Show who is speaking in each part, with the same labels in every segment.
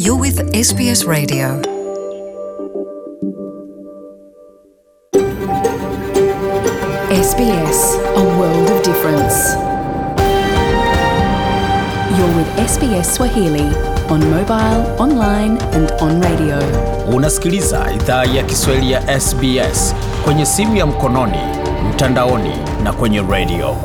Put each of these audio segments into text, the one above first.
Speaker 1: You're with SBS Radio. SBS, a world of difference. You're with SBS Swahili on mobile, online and on radio. Unasikiliza idhaa ya Kiswahili ya SBS kwenye simu ya mkononi, mtandaoni na kwenye radio.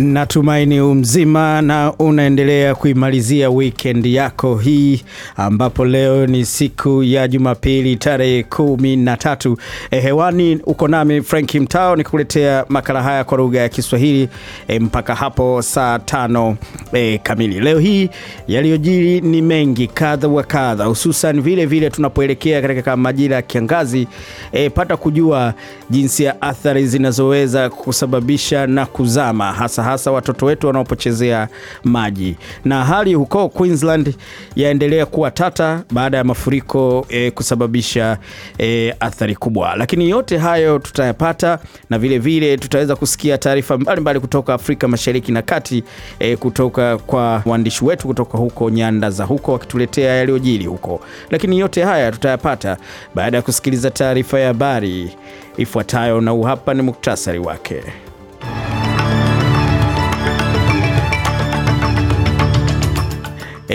Speaker 1: Natumaini umzima na unaendelea kuimalizia wikendi yako hii, ambapo leo ni siku ya Jumapili tarehe kumi na tatu. Eh, hewani uko nami Frank Mtao nikuletea makala haya kwa lugha ya Kiswahili e, mpaka hapo saa tano e, kamili. Leo hii yaliyojiri ni mengi kadha wa kadha, hususan vile vile tunapoelekea katika majira ya kiangazi e, pata kujua jinsi ya athari zinazoweza kusababisha na kuzama hasa hasa watoto wetu wanaopochezea maji. Na hali huko Queensland yaendelea kuwa tata baada ya mafuriko e, kusababisha e, athari kubwa, lakini yote hayo tutayapata na vile vile tutaweza kusikia taarifa mbalimbali kutoka Afrika Mashariki na Kati e, kutoka kwa waandishi wetu kutoka huko nyanda za huko wakituletea yaliyojiri huko, lakini yote haya tutayapata baada ya kusikiliza taarifa ya habari ifuatayo, na uhapa ni muktasari wake.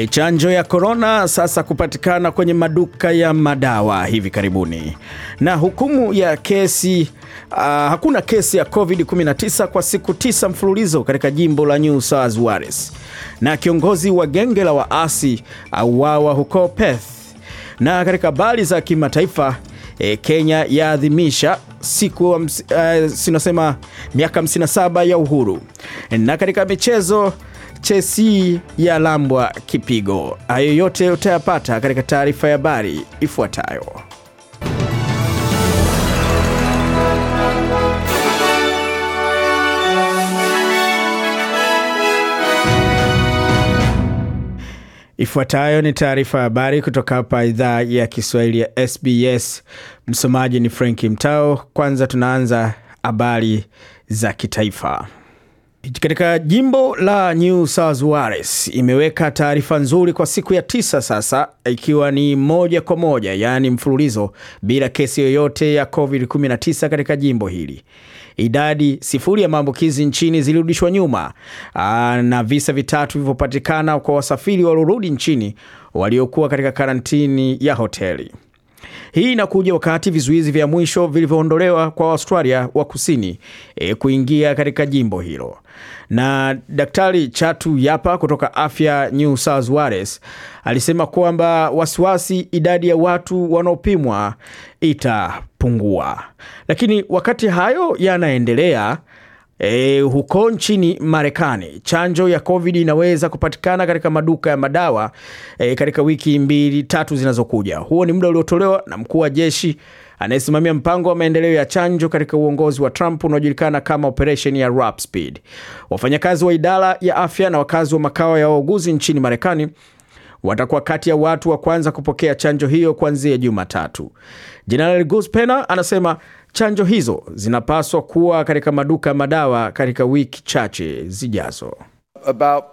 Speaker 1: E, chanjo ya korona sasa kupatikana kwenye maduka ya madawa hivi karibuni. Na hukumu ya kesi uh, hakuna kesi ya COVID-19 kwa siku tisa mfululizo katika jimbo la New South Wales. Na kiongozi wa genge la waasi auawa huko Perth. Na katika bali za kimataifa e, Kenya yaadhimisha siku uh, eh, sinasema miaka 57 ya uhuru. Na katika michezo ya lambwa kipigo. Hayo yote utayapata katika taarifa ya habari ifuatayo. Ifuatayo ni taarifa ya habari kutoka hapa idhaa ya Kiswahili ya SBS. Msomaji ni Frank Mtao. Kwanza tunaanza habari za kitaifa. Katika jimbo la New South Wales imeweka taarifa nzuri kwa siku ya tisa sasa, ikiwa ni moja kwa moja, yaani mfululizo bila kesi yoyote ya COVID-19 katika jimbo hili. Idadi sifuri ya maambukizi nchini zilirudishwa nyuma aa, na visa vitatu vilivyopatikana kwa wasafiri waliorudi nchini waliokuwa katika karantini ya hoteli. Hii inakuja wakati vizuizi vya mwisho vilivyoondolewa kwa Australia wa Kusini e, kuingia katika jimbo hilo. Na Daktari Chatu Yapa kutoka Afya New South Wales alisema kwamba wasiwasi idadi ya watu wanaopimwa itapungua. Lakini wakati hayo yanaendelea E, huko nchini Marekani chanjo ya COVID inaweza kupatikana katika maduka ya madawa e, katika wiki mbili tatu zinazokuja. Huo ni muda uliotolewa na mkuu wa jeshi anayesimamia mpango wa maendeleo ya chanjo katika uongozi wa Trump unaojulikana kama Operation ya Warp Speed. Wafanyakazi wa idara ya afya na wakazi wa makao ya wauguzi nchini Marekani watakuwa kati ya watu wa kwanza kupokea chanjo hiyo kuanzia Jumatatu. Jenerali Gus Pena anasema Chanjo hizo zinapaswa kuwa katika maduka ya madawa katika wiki chache zijazo. About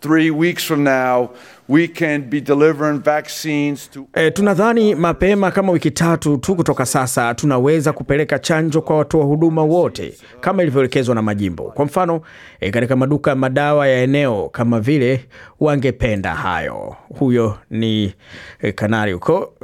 Speaker 1: three weeks from now We can be delivering vaccines to... E, tunadhani mapema kama wiki tatu tu kutoka sasa tunaweza kupeleka chanjo kwa watoa huduma wote kama ilivyoelekezwa na majimbo. Kwa mfano, e, katika maduka ya madawa ya eneo kama vile wangependa hayo. Huyo ni e, kanari uko,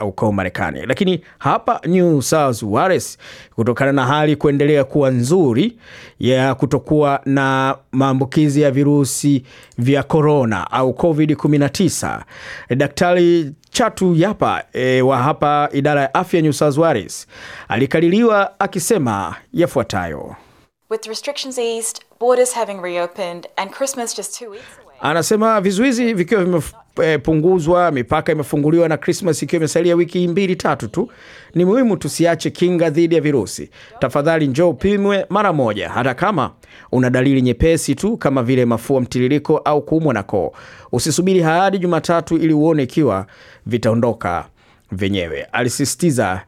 Speaker 1: uh, uko Marekani, lakini hapa New South Wales kutokana na hali kuendelea kuwa nzuri ya kutokuwa na maambukizi ya virusi vya korona au COVID-19 19 Daktari Chatu Yapa e, wa hapa idara ya afya New South Wales alikaliliwa akisema yafuatayo. Anasema vizuizi vikiwa imepunguzwa, mipaka imefunguliwa na Krismas ikiwa imesalia wiki mbili tatu tu, ni muhimu tusiache kinga dhidi ya virusi. Tafadhali njoo upimwe mara moja, hata kama una dalili nyepesi tu kama vile mafua mtiririko au kuumwa na koo. Usisubiri hadi Jumatatu ili uone ikiwa vitaondoka vyenyewe, alisisitiza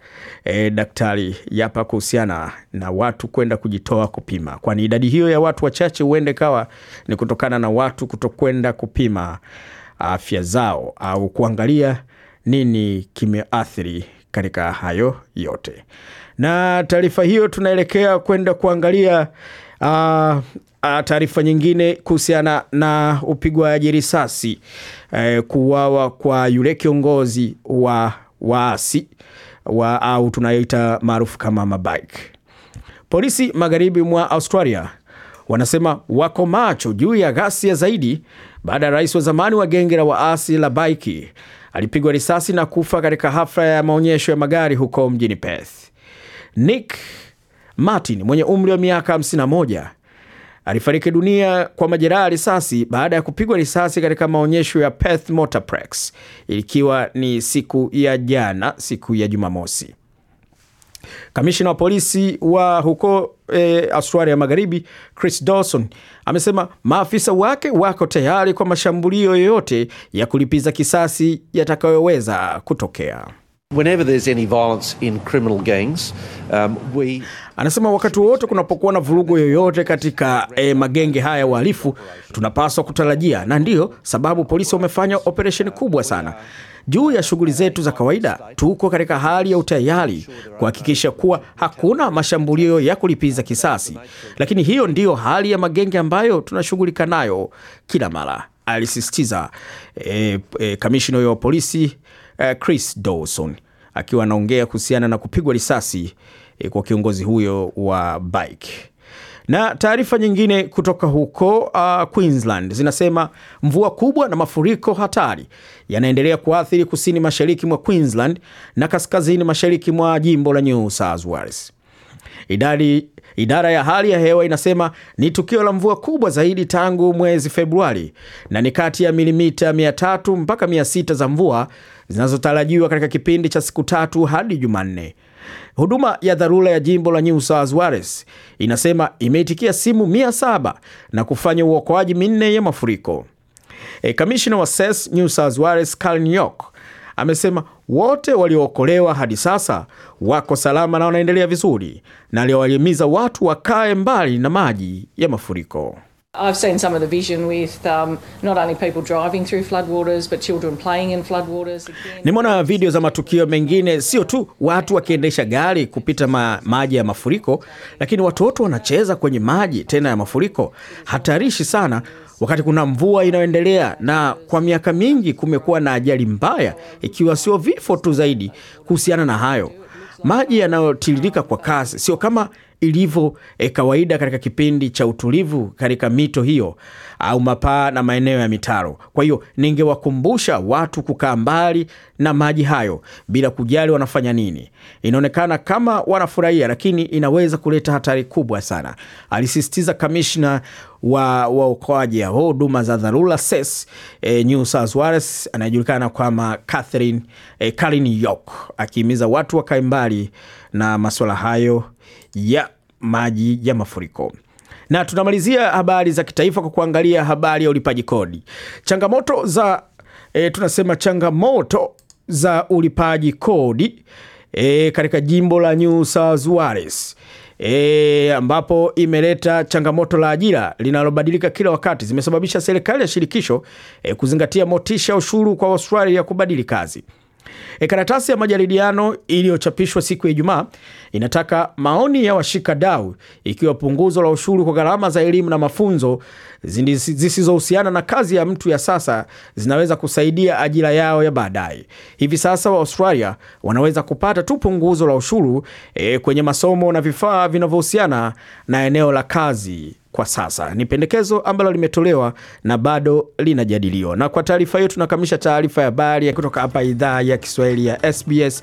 Speaker 1: eh, Daktari Yapa kuhusiana na watu kwenda kujitoa kupima, kwani idadi hiyo ya watu wachache huenda ikawa ni kutokana na watu kutokwenda kupima afya zao au kuangalia nini kimeathiri katika hayo yote. Na taarifa hiyo tunaelekea kwenda kuangalia uh, taarifa nyingine kuhusiana na upigwaji risasi uh, kuuawa kwa yule kiongozi wa waasi wa, au tunayoita maarufu kama mabike. Polisi magharibi mwa Australia wanasema wako macho juu ya ghasia zaidi baada ya rais wa zamani wa genge la waasi la Baiki alipigwa risasi na kufa katika hafla ya maonyesho ya magari huko mjini Perth. Nick Martin mwenye umri wa miaka 51 alifariki dunia kwa majeraha ya risasi baada ya kupigwa risasi katika maonyesho ya Perth Motor ikiwa ni siku ya jana, siku ya Jumamosi. Kamishina wa polisi wa huko e, Australia ya Magharibi Chris Dawson amesema maafisa wake wako tayari kwa mashambulio yoyote ya kulipiza kisasi yatakayoweza kutokea. Whenever there's any violence in criminal gangs, um, we... Anasema wakati wowote kunapokuwa na vurugu yoyote katika eh, magenge haya ya uhalifu tunapaswa kutarajia, na ndiyo sababu polisi wamefanya operesheni kubwa sana juu ya shughuli zetu za kawaida. Tuko katika hali ya utayari kuhakikisha kuwa hakuna mashambulio ya kulipiza kisasi, lakini hiyo ndiyo hali ya magenge ambayo tunashughulika nayo kila mara, alisisitiza eh, eh, kamishina huyo wa polisi Eh, Chris Dawson akiwa anaongea kuhusiana na kupigwa risasi eh, kwa kiongozi huyo wa bike Na taarifa nyingine kutoka huko uh, Queensland zinasema mvua kubwa na mafuriko hatari yanaendelea kuathiri kusini mashariki mwa Queensland na kaskazini mashariki mwa jimbo la New South Wales. Idari, idara ya hali ya hewa inasema ni tukio la mvua kubwa zaidi tangu mwezi Februari na ni kati ya milimita 300 mpaka 600 za mvua zinazotarajiwa katika kipindi cha siku tatu hadi Jumanne. Huduma ya dharura ya jimbo la New South Wales inasema imeitikia simu 700 na kufanya uokoaji minne ya mafuriko. E, eh, kamishina wa SES New South Wales Karen York Amesema wote waliookolewa hadi sasa wako salama na wanaendelea vizuri, na aliwahimiza watu wakae mbali na maji ya mafuriko. I've seen some of the vision with um, not only people driving through floodwaters but children playing in floodwaters. Nimeona video za matukio mengine, sio tu watu wakiendesha gari kupita ma, maji ya mafuriko, lakini watoto wanacheza kwenye maji tena ya mafuriko. Hatarishi sana wakati kuna mvua inayoendelea, na kwa miaka mingi kumekuwa na ajali mbaya, ikiwa sio vifo tu zaidi kuhusiana na hayo maji yanayotiririka kwa kasi, sio kama ilivyo e, kawaida katika kipindi cha utulivu katika mito hiyo au mapaa na maeneo ya mitaro. Kwa hiyo ningewakumbusha watu kukaa mbali na maji hayo bila kujali wanafanya nini. Inaonekana kama wanafurahia, lakini inaweza kuleta hatari kubwa sana, alisisitiza kamishna wa waokoaji wa huduma za dharura SES e, New South Wales anayejulikana kama Catherine e, Karin York, akihimiza watu wakae mbali na masuala hayo ya maji ya mafuriko. Na tunamalizia habari za kitaifa kwa kuangalia habari ya ulipaji kodi, changamoto za e, tunasema changamoto za ulipaji kodi e, katika jimbo la New South Wales e, ambapo imeleta changamoto la ajira linalobadilika kila wakati, zimesababisha serikali ya shirikisho e, kuzingatia motisha ushuru kwa Australia ya kubadili kazi. E, karatasi ya majadiliano iliyochapishwa siku ya Ijumaa inataka maoni ya washikadau ikiwa punguzo la ushuru kwa gharama za elimu na mafunzo zisizohusiana na kazi ya mtu ya sasa zinaweza kusaidia ajira yao ya baadaye. Hivi sasa wa Australia wanaweza kupata tu punguzo la ushuru e, kwenye masomo na vifaa vinavyohusiana na eneo la kazi kwa sasa. Ni pendekezo ambalo limetolewa na bado linajadiliwa. Na kwa taarifa hiyo tunakamilisha taarifa ya habari kutoka hapa idhaa ya Kiswahili ya SBS.